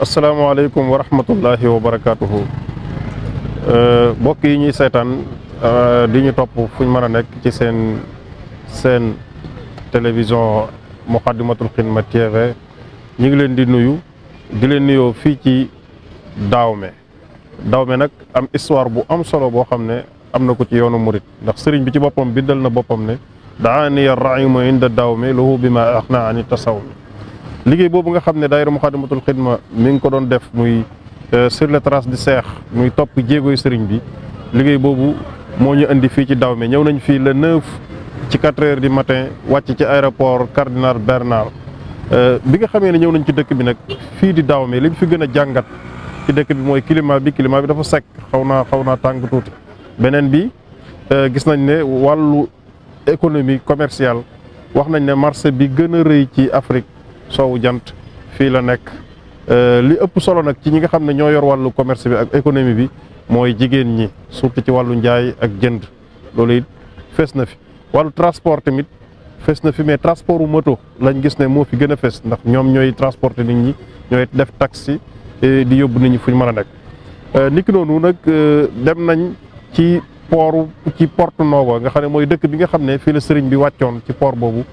asalaamaaleykum wa rahmatullahi wa barakaatuhu euh, mbokk yi ñuy seetaan euh, di ñu topp fu ñu mën a nekk ci seen seen télévision Moukhaddamatoul Khidma TV ñu ngi leen di nuyu di leen nuyoo fii ci daaw me Daawme me nag am histoire bu am solo boo xam ne am na ko ci yoonu murit ndax sëriñ bi ci boppam bindal na boppam ne daaniya rahimu inda Daawme lahu bi ma axna ani tasawmi liggéey boobu nga xam ne daayira Muxaddamatul Xidma mi ngi ko doon def muy euh, sur les traces du Seex muy topp jéegoy sëriñ bi liggéey boobu moo ñu indi fii ci Dahomey ñëw nañu fii le 9 ci 4 heures du matin wàcc ci aéroport Cardinal Bernard euh, bi nga xamee ne ñëw nañ ci dëkk bi nag fii di Dahomey li ñu fi gën a jàngat ci dëkk bi mooy climat bi climat bi dafa sec xaw naa xaw naa tàng tuuti beneen bi euh, gis nañ ne wàllu économie commerciale wax nañ ne marché bi gën a rëy ci Afrique sowu jant fii la nekk euh, li ëpp solo nag ci ñi nga xam ne ñoo yor wàllu commerce bi ak économie bi mooy jigéen ñi surtout ci wàllu njaay ak jënd loolu it fees na fi wàllu transport tamit fees na fi mais transportu moto lañ gis ne moo fi gën a fees ndax ñoom ñooy transporter nit ñi ñooy def taxi di yóbbu nit ñi fu ñu mën a nekk. Euh, niki noonu nag euh, dem nañ ci port ci Porto Novo nga xam ne mooy dëkk bi nga xam ne fii la sëriñ bi wàccoon ci port boobu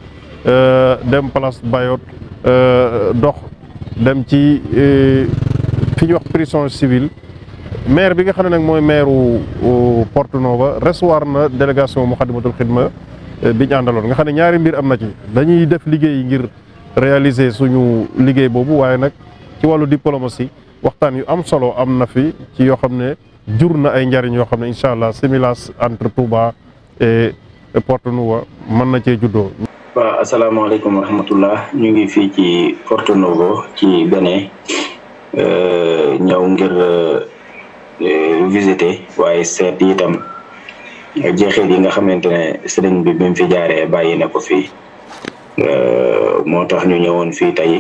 dem place Bayot. Euh, dox dem ci euh, fi ñuy wax prison civile maire bi nga xam ne nag mooy maire wu Porto Novo recevoir na délégation Moukhaddamatoul Khidma euh, bi ñu àndaloon nga xam ne ñaari mbir am na ci dañuy def liggéey ngir réaliser suñu liggéey boobu waaye nag ci wàllu diplomatie waxtaan yu am solo am na fi ci yoo xam ne jur na ay njariñ yoo xam ne incha allah similage entre Touba et Porto Novo mën na cee juddoo. waaw asalaamaaleykum wa rahmatullah ñu ngi fii ci Porto Novo ci Benin euh, ñaw ngir euh, visiter waaye seet itam jeexit yi nga xamante ne sëriñ bi bi mu fi jaaree bàyyi na ko fii euh, moo tax ñu ñëwoon fii tey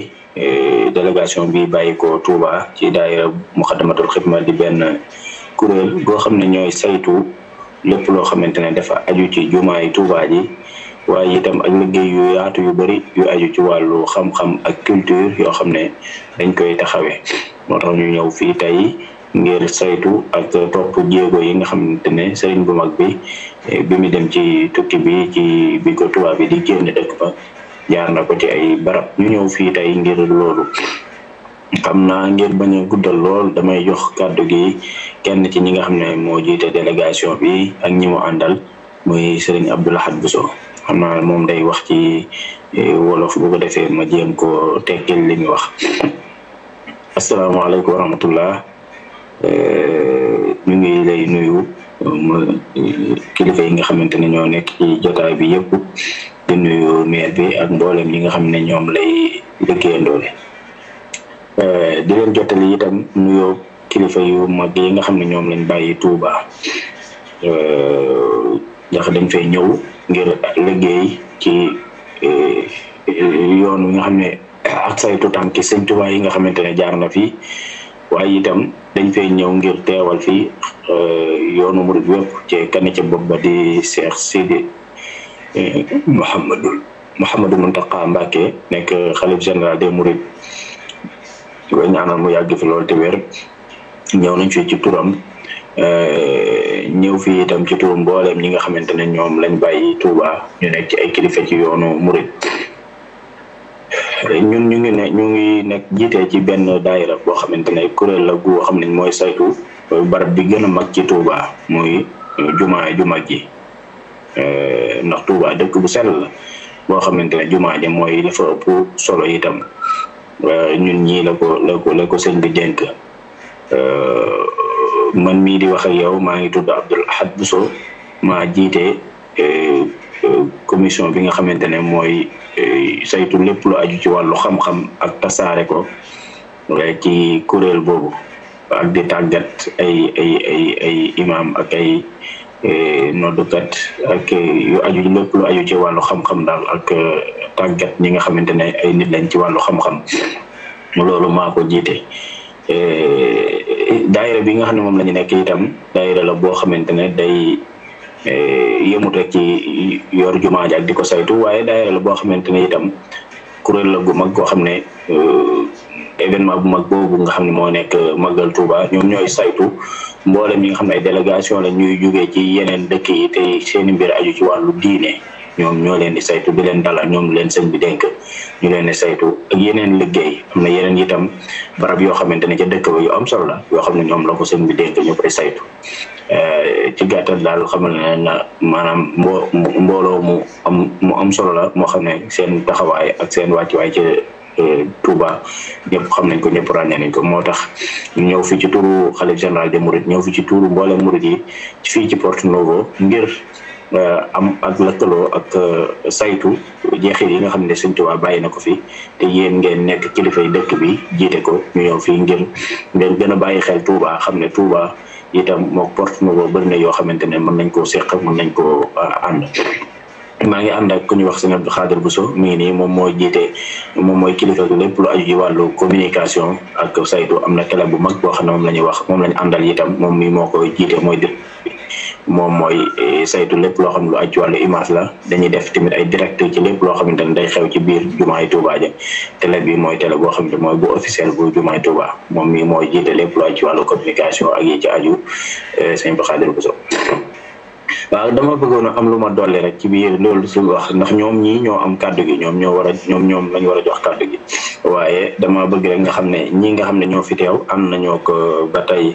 délégation bi bàyyi tuuba ci daayira Muxaddamatul Xidma di benn kuréel boo xam ne ñooy saytu lépp loo xamante ne dafa aju ci jumaa yi ji waaye itam ak liggéey yu yaatu yu bari yu aju ci wàllu xam-xam ak culture yoo xam ne dañ koy taxawee moo tax ñu ñëw fii tey ngir saytu ak topp jéego yi nga xam ne sëriñ bu mag bi bi mu dem ci tukki bi ci bi ko tubaab yi di génn dëkk ba jaar na ko ci ay barab ñu ñëw fii tey ngir loolu xam naa ngir bañ a guddal lool damay jox kàddu gi kenn ci ñi nga xam ne moo jiite délégation bi ak ñi mu àndal muy sëriñ Abdou Lahad Bousso xam na moom day wax ci eh, wolof bu ko defee ma jéem ko tekkil li muy wax asalaamaaleykum wa rahmatullah eh, ñu ngi lay nuyu kilifa yi nga xamante ne ñoo nekk ci jotaay bi yëpp di nuyu maire bi ak mboolem yi nga xam ne ñoom lay liggéeyandoole eh, di leen jottali itam nuyoo yi nga xam ne ñoom lañ bàyyi Touba ndax dañ fay ñëw ngir liggéey ci eh, yoon nga xam ne ak saytu tànki sëñ Tuubaa yi nga xamante ne jaar na fi waaye itam dañ fay ñëw ngir teewal fii eh, yoonu murid yëpp ci kenn ca bopp ba di Cheikh Sidi eh, Mouhamadul Mouhamadou Mountakha Mbacké nekk xale général des mourides ñu ñaanal mu yàgg fi loolu te wér ñëw nañ fi ci turam Euh, ñëw fii itam ci tuub mboolem ñi nga xamante ne ñoom lañ bàyyi Touba ñu nekk ci ay kilifa ci yoonu murit euh, ñu ngi ne ñu ngi nekk jiite ci benn daayira boo xamante ne kuréel la gu xam nañ mooy saytu barab bi gën a mag ci Touba muy euh, jumaa ju mag ji ndax Touba dëkk bu sell boo xamante ne jumaa ji mooy dafa ëpp solo itam ñun ñii la ko la ko la ko sëñ man mii di wax ak yow maa ngi tudd Abdoul Ahad Bousso maa jiite euh, euh, commission bi nga xamante ne mooy euh, saytu lépp lu aju ci wàllu xam-xam ak tasaare ko eh, ci kuréel boobu ak di tàggat ay ay ay ay imaam ak ay noddukat ak yu aju lépp lu ci wàllu xam-xam daal ak tàggat ñi nga xamante ne ay nit lañ ci wàllu xam-xam loolu maa ko jiite. Eh, daayira bi nga xam ne moom la nekk itam daayira la boo xamante ne day eh, yëmut rek ci yor jumaa ji ak di ko saytu waaye daayira la boo xamante ne itam kuréel la gu mag koo xam ne eh, événement bu mag boobu nga xam ne moo nekk Magal Touba ñoom ñooy saytu mboolem ñi nga xam ne ay délégation la ñuy jógee ci yeneen dëkk yi te seeni mbir aju ci wàllu diine ñoom ñoo leen di saytu di leen dalal ñoom leen sëñ bi dénk ñu leen di saytu ak yeneen liggéey am na yeneen itam barab yoo xamante ne ca dëkk ba yu am solo la yoo xam ne ñoom la ko sëñ bi dénk ñu koy saytu eh, ci gàttal daal xamal ne na maanaam mbo mbooloo mu am mu am solo la moo xam ne seen taxawaay ak seen wàccuwaay ci eh, Touba ñëpp xam nañ ko ñëpp ràññee nañ ko moo tax ñëw fi ci turu xale général de Mouride ñëw fi ci turu mboole Mouride yi fii ci Porto Novo ngir Euh, am ak lëkkaloo ak euh, saytu jeexit yi nga xam ne Sëñ Tuubaa bàyyi na ko fi te yéen ngeen nekk kilifay dëkk bi jiite ko ñu ñëw fii ngir ngeen gën a bàyyi xam ne Tuubaa itam moo porte na yoo xamante ne mën nañ koo seq mën nañ ko euh, ànd maa ngi ànd ak ku ñuy wax sëñ Abdou Khadir Bousso mi ngi nii moom mooy jiite moom mooy kilifa lépp lu aju ci wàllu communication ak saytu am na télé bu mag boo xam ne moom la ñuy wax moom la ñu àndal itam moom mi moo ko jiite mooy dé moom mooy eh, saytu lépp loo xam lu aju wàllu image la dañuy def tamit ay direct ci lépp loo xamante ne day xew ci biir jumaay Touba ja télé bi mooy télé boo xam ne mooy bu officiel bu jumaay Touba moom mi mooy jiite lépp lu aju wàllu communication ak yi ci aju sëñ Ba Xaadir Bousso waaw dama bëggoon a am lu ma dolli rek ci biir loolu si wax ndax ñoom ñii ñoo am kàddu gi ñoom ñoo war a ñoom ñoom lañ war a jox kàddu gi waaye dama bëgg rek nga xam ne ñii nga xam ne ñoo fi teew am nañoo ko ba tey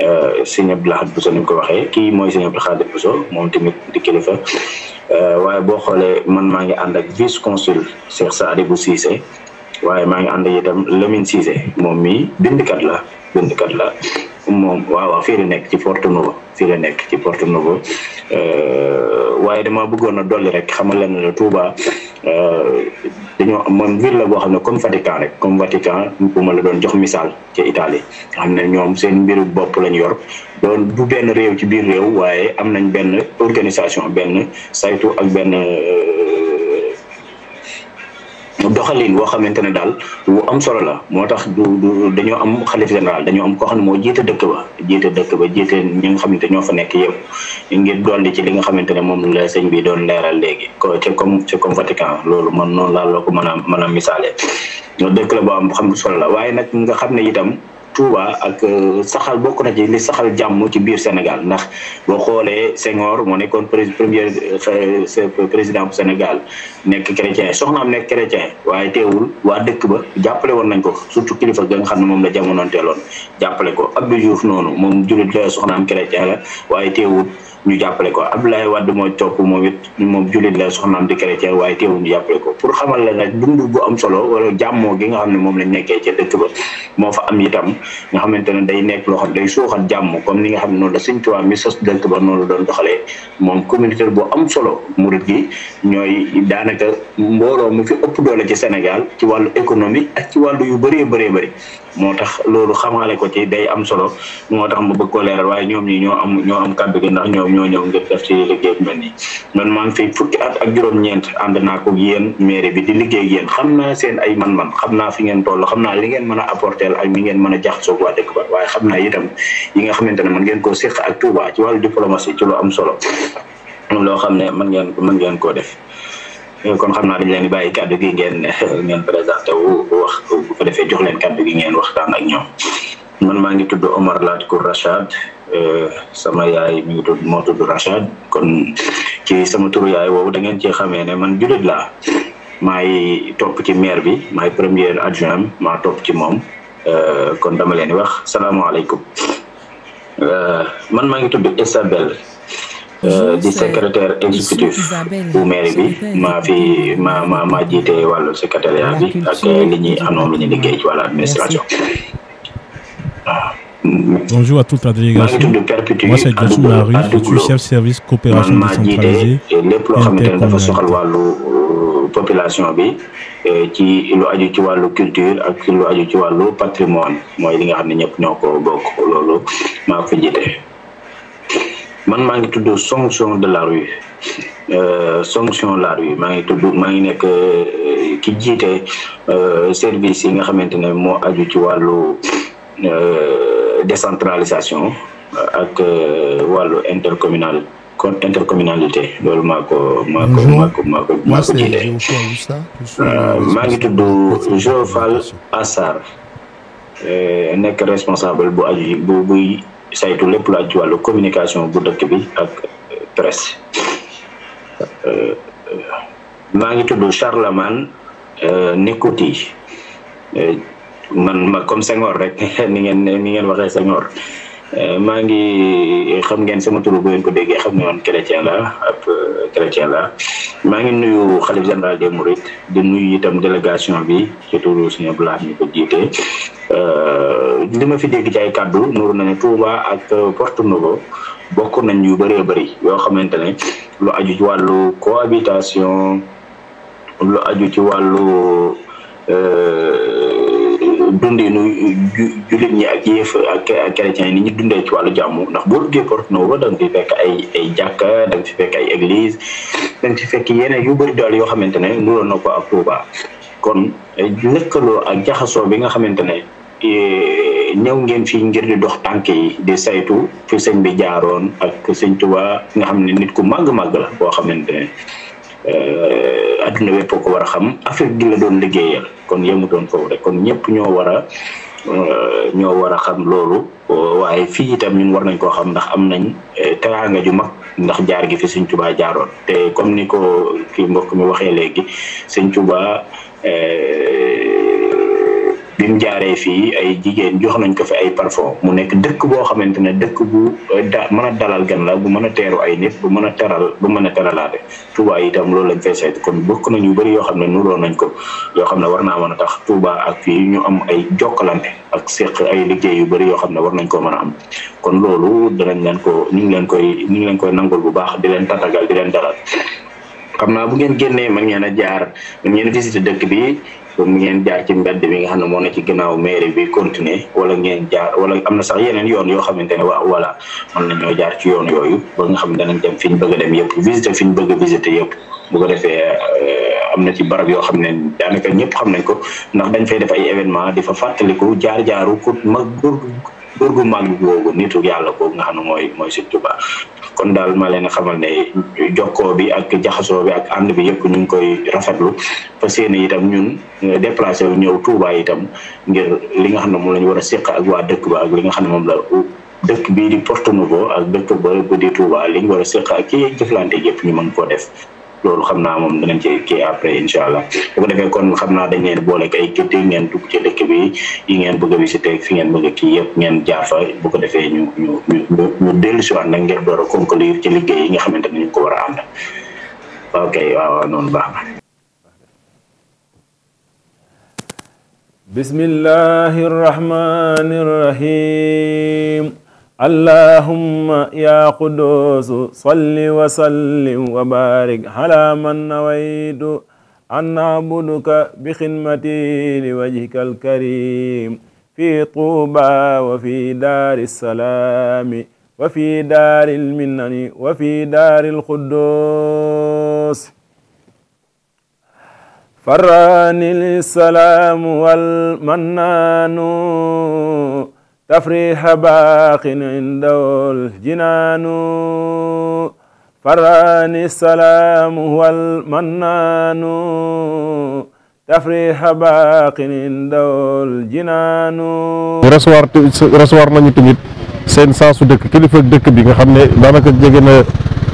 euh, sëñ Abdou Lahad bu ni mu ko waxee kii mooy sëñ Abdou Khadre Bousso moom tamit di kilifa euh, waaye boo xoolee man maa ngi ànd ak vice consul Cheikh Sadibou Cissé waaye maa ngi ànd ak itam Lamine Cissé moom mii bindkat la bindkat la moom waaw waaw fii nekk ci Porto Novo fii la nekk ci Porto Novo euh, waaye dama bëggoon a dolli rek xamal la ne la euh, dañoo man ville la boo xam ne comme Vatican rek comme Vatican bu ma la doon jox misaal ca itali nga xam ne ñoom seen mbiru bopp lañ yor doon du benn réew ci biir réew waaye am nañ benn organisation benn saytu ak benn. Euh, doxalin boo xamante ne daal wu am solo la moo tax du du dañoo am xalif général dañoo am koo xam moo jiite dëkk ba jiite dëkk ba jiite ñi nga xamante ñoo fa nekk yëpp ngir dolli ci li nga xamante ne moom la sëñ bi doon leeral léegi ko ci comme ci comme Vatican loolu man noonu laa loo ko mën a mën a misaale dëkk la boo am xam solo la waaye nag nga xam ne itam Touba ak euh, saxal bokk na ci li saxal jàmm ci biir Sénégal ndax boo xoolee Senghor moo nekkoon premier euh, président bu Sénégal nekk chrétien soxnaam nekk chrétien waaye teewul waa dëkk ba jàppale nañ ko surtout kilifa ga nga xam ne moom la jamonoonteeloon jàppale ko Abdou Diouf noonu moom jullit la soxnaam chrétien la waaye teewul ñu jàppale ko Abdoulaye Wade moo topp moom it moom jullit la soxnaam di chrétien waaye teewul ñu jàppale ko pour xamal la nag dund bu am solo wala jàmmoo gi nga xam ne moom lañ nekkee ca dëkk ba moo fa am itam nga xamante ne day nekk loo xam day suuxat jàmm comme ni nga xam ne noonu la Sëñ Tuubaa mi sos dëkk ba noonu la doon doxalee moom communauté bu am solo murit gi ñooy daanaka mbooloo mu fi ëpp doole ci Sénégal ci wàllu économie ak ci wàllu yu bëree baree bëri moo tax loolu xamaale ko ci day am solo moo tax ma bëgg ko leeral waaye ñoom ñi ñoo am ñoo am kàddu gi ndax ñoom ñoo ñëw ngir def ci liggéey bu mel nii man maa ngi fi at ak juróom-ñeent ànd naa ko yéen maire bi di liggéey yéen xam naa seen ay man-man xam naa fi ngeen toll xam naa li ngeen mën a apporter ak li ngeen mën a jaxasoo waa dëkk ba waaye xam naa itam yi nga xamante ne mën ngeen koo séq ak Touba ci wàllu a ci lu am solo loo xam ne man ngeen mën ngeen koo def kon xam naa dañ leen di bàyyi kàddu gi ngeen ngeen présenté wu wax bu defee jox leen kàddu gi ngeen wax ak ñoom man maa ngi tudd Omar Laatikour Rachad euh, sama yaay mi ngi moo tudd Rachad kon ci sama turu yaay woowu da ngeen cee xamee ne man jullit laa maay topp ci maire bi maay premier adjoint maa topp ci moom euh, kon dama leen di wax salaamaaleykum euh, man maa ngi tudd Isabelle Euh, di secrétaire exécutif bu mairie bi maa fi ma ma maa jiite wàllu secrétariat bi ak li ñuy anoom liggéey ci wàllu administration Bonjour à toute la délégation. Moi c'est Diassou Marie, je suis chef service lépp loo xamante ne dafa soxal wàllu euh, population bi euh, ci lu aju ci wàllu culture ak lu aju ci wàllu patrimoine mooy li nga xam ne ñëpp ñoo bokk loolu maa ko fa man maa ngi tudd sonction de la rue sanction euh, de la rue maa ngi tudd maa ngi nekk euh, ki jiite euh, service yi nga xamante ne moo aju ci wàllu décentralisation ak wàllu intercommunal intercommunalité loolu maa ko maa ko maa ko maa maa jiite maa ngi tudd Jofal Assar nekk responsable bu aju bu buy saytu lépp lu ci wàllu communication bu dëkk bi ak euh, presse euh, euh, maa ngi tudd Charlemagne Nicouty man ma comme Senghor rek ni ngeen ni ngeen waxe Senghor Euh, maa ngi euh, xam ngeen sama turu bu ngeen ko déggee xam ne man chrétien la ab euh, chrétien la maa ngi nuyu xalif général des Mourides di nuyu itam délégation bi ci turu suñu blaax ñu ko jiite. li ma fi dégg ci ay kàddu nuru na ne Touba ak Porto Novo bokk nañ yu bëree bari yoo xamante ne lu aju ci wàllu cohabitation lu aju ci wàllu. dundinu nu ñi ak yéef ak chrétiens yi ni ñu dundee ci wàllu jàmm ndax boo duggee Porto Novo da nga fi fekk ay ay jàkka da fi fekk ay église da nga fi fekk yeneen yu bëri daal yoo xamante ne nuroon na ko a Touba kon lëkkaloo ak jaxasoo bi nga xamante ne e, ñëw ngeen fii ngir di dox tànk yi di saytu fi bi jaaroon ak sëñ Touba nga xam ne nit ku màgg-màgg la boo xamante ne adduna euh, wépp ko war a xam Afrique gi la doon liggéeyal kon yemu doon foofu rek kon ñëpp ñoo war a euh, ñoo war a xam loolu waaye fii itam ñun war nañ koo xam ndax am nañ euh, teraanga ju mag ndax jaar gi fi Sëñ Tuubaa jaaroon te comme ni ko kii mbokk mi waxee léegi Sëñ Tuubaa mu jaaree fii ay jigéen jox nañ ko fe ay parfum mu nekk dëkk boo xamante ne dëkk bu eh, da mën a dalal gan la bu mën a teeru ay nit bu mën a teral bu mën a teralaate Touba itam loolu lañ fay saytu kon bokk nañu bëri yoo xam ne nuroo nañ ko yoo xam ne war naa mën a tax Touba ak fii ñu am ay jokkalante ak seq ay liggéey yu bari yoo xam ne war nañ koo mën a am kon loolu danañ leen ko ñu ngi leen koy ñu ngi leen koy nangul bu baax di leen tatagal di leen dalal xam naa bu ngeen génnee mën ngeen a jaar mën ngeen visiter dëkk bi comme ngeen jaar ci mbedd mi nga xam ne moo ne ci ginnaaw mairie bi continuer wala ngeen jaar wala am na sax yeneen yoon yoo xamante ne waaw voilà mën nañoo jaar ci yoon yooyu ba nga xam ne danañ dem fi ñu bëgg a dem yëpp visiter fi ñu bëgg a visiter yëpp bu ko defee euh, am na ci barab yoo xam ne daanaka ñëpp xam nañ ko ndax dañ fay def ay événement di fa fàttaliku jaar jaaru ku mag góor gu màgg googu nitu yàlla googu nga xam ne mooy mooy Sëñ Tuubaa kon daal maa leen xamal ne jokkoo bi ak jaxasoo bi ak ànd bi yëpp ñu ngi koy rafetlu parce que itam ñun déplacé wu ñëw Touba itam ngir li nga xam ne moom la ñu war a séq ak waa dëkk ba ak li nga xam ne moom la dëkk bii di Porto Novo ak dëkk ba bu di Touba li ñu war a séq ak kii jëflante yëpp ñu mën koo def. loolu xam naa moom danañ ci kii après incha allah bu ko defee kon xam naa dañ leen boole ak ay yi ngeen dugg ci dëkk bi yi ngeen bëgg a visité fi ngeen bëgg ki kii yëpp ngeen jaar fa ko defee ñu ñu ñu ñu dellu si waat nag ngeen door a liir ci liggéey yi nga xamante ne ñu ko war a ànd ok waaw noonu baax na. allahumma ya quduusu salli wa sallim wa barik ala man nawaytu an na'buduka bi xidmati li wajhika alkarim fi tuuba wa fi daari salaami wa fi daari lminnani wa fi daari lquddus farani lsalaamu walmannaanu تفريح باق عنده الجنان فراني السلام هو المنان تفريح باق عنده الجنان recevoir recevoir nañu tamit seen saasu dëkk kilifa dëkk bi nga xam ne daanaka jege na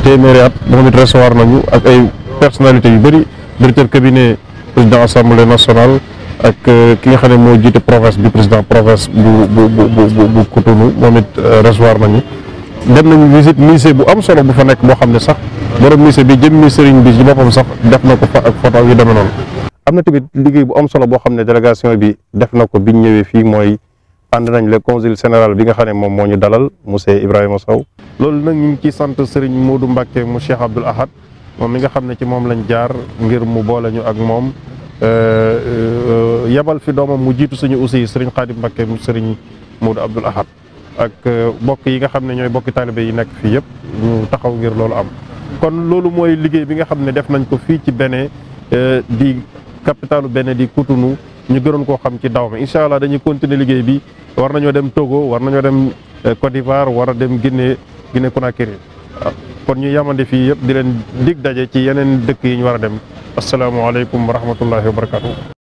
téeméeri at moom it recevoir nañu ay personnalités yu bëri directeur cabinet président assemblée nationale ak euh, ki nga xam ne moo jiite province bi président province bu bu bu bu Cotonou moom it euh, recevoir nañu dem nañu visite musée bu am solo bu fa nekk boo xam ne sax borom musée bi jëmmi sëriñ bi ci boppam sax def na ko fa ak photo yu demee noonu. am na tamit liggéey bu am solo boo xam ne délégation bi def na ko biñ ñëwee fii mooy ànd nañ le consul sénéral bi nga xam ne moom moo ñu dalal monsieur Ibrahima Sow. loolu nag ñu ngi sant sëriñ Modou Mbacke mu Cheikh Abdoul moom mi nga xam ne ci moom lañ jaar ngir mu boole ñu ak moom. Euh, euh, yebal fi doomam mu jiitu suñu aussi sëriñ Xaadim Mbakke sëriñ Moodu Abdul Ahad ak euh, bokk yi nga xam ne ñooy bokki taalibe yi nekk fii yëpp ñu taxaw ngir loolu am kon loolu mooy liggéey bi nga xam ne def nañ ko fii ci Bénin di capitalu Bénin di Cotonou ñu gënoon koo xam ci daw mi incha allah dañuy continuer liggéey bi war nañoo dem Togo war nañoo dem Côte d'Ivoire war a dem Guinée Guinée Conakry kon ñu yamande fii di leen dig daje ci yeneen dëkk yi ñu war a dem asalaamaaleykum wa rahmatullahi wa barakatu